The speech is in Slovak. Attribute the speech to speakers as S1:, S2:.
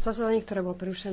S1: zasadanie, ktoré bolo prerušené.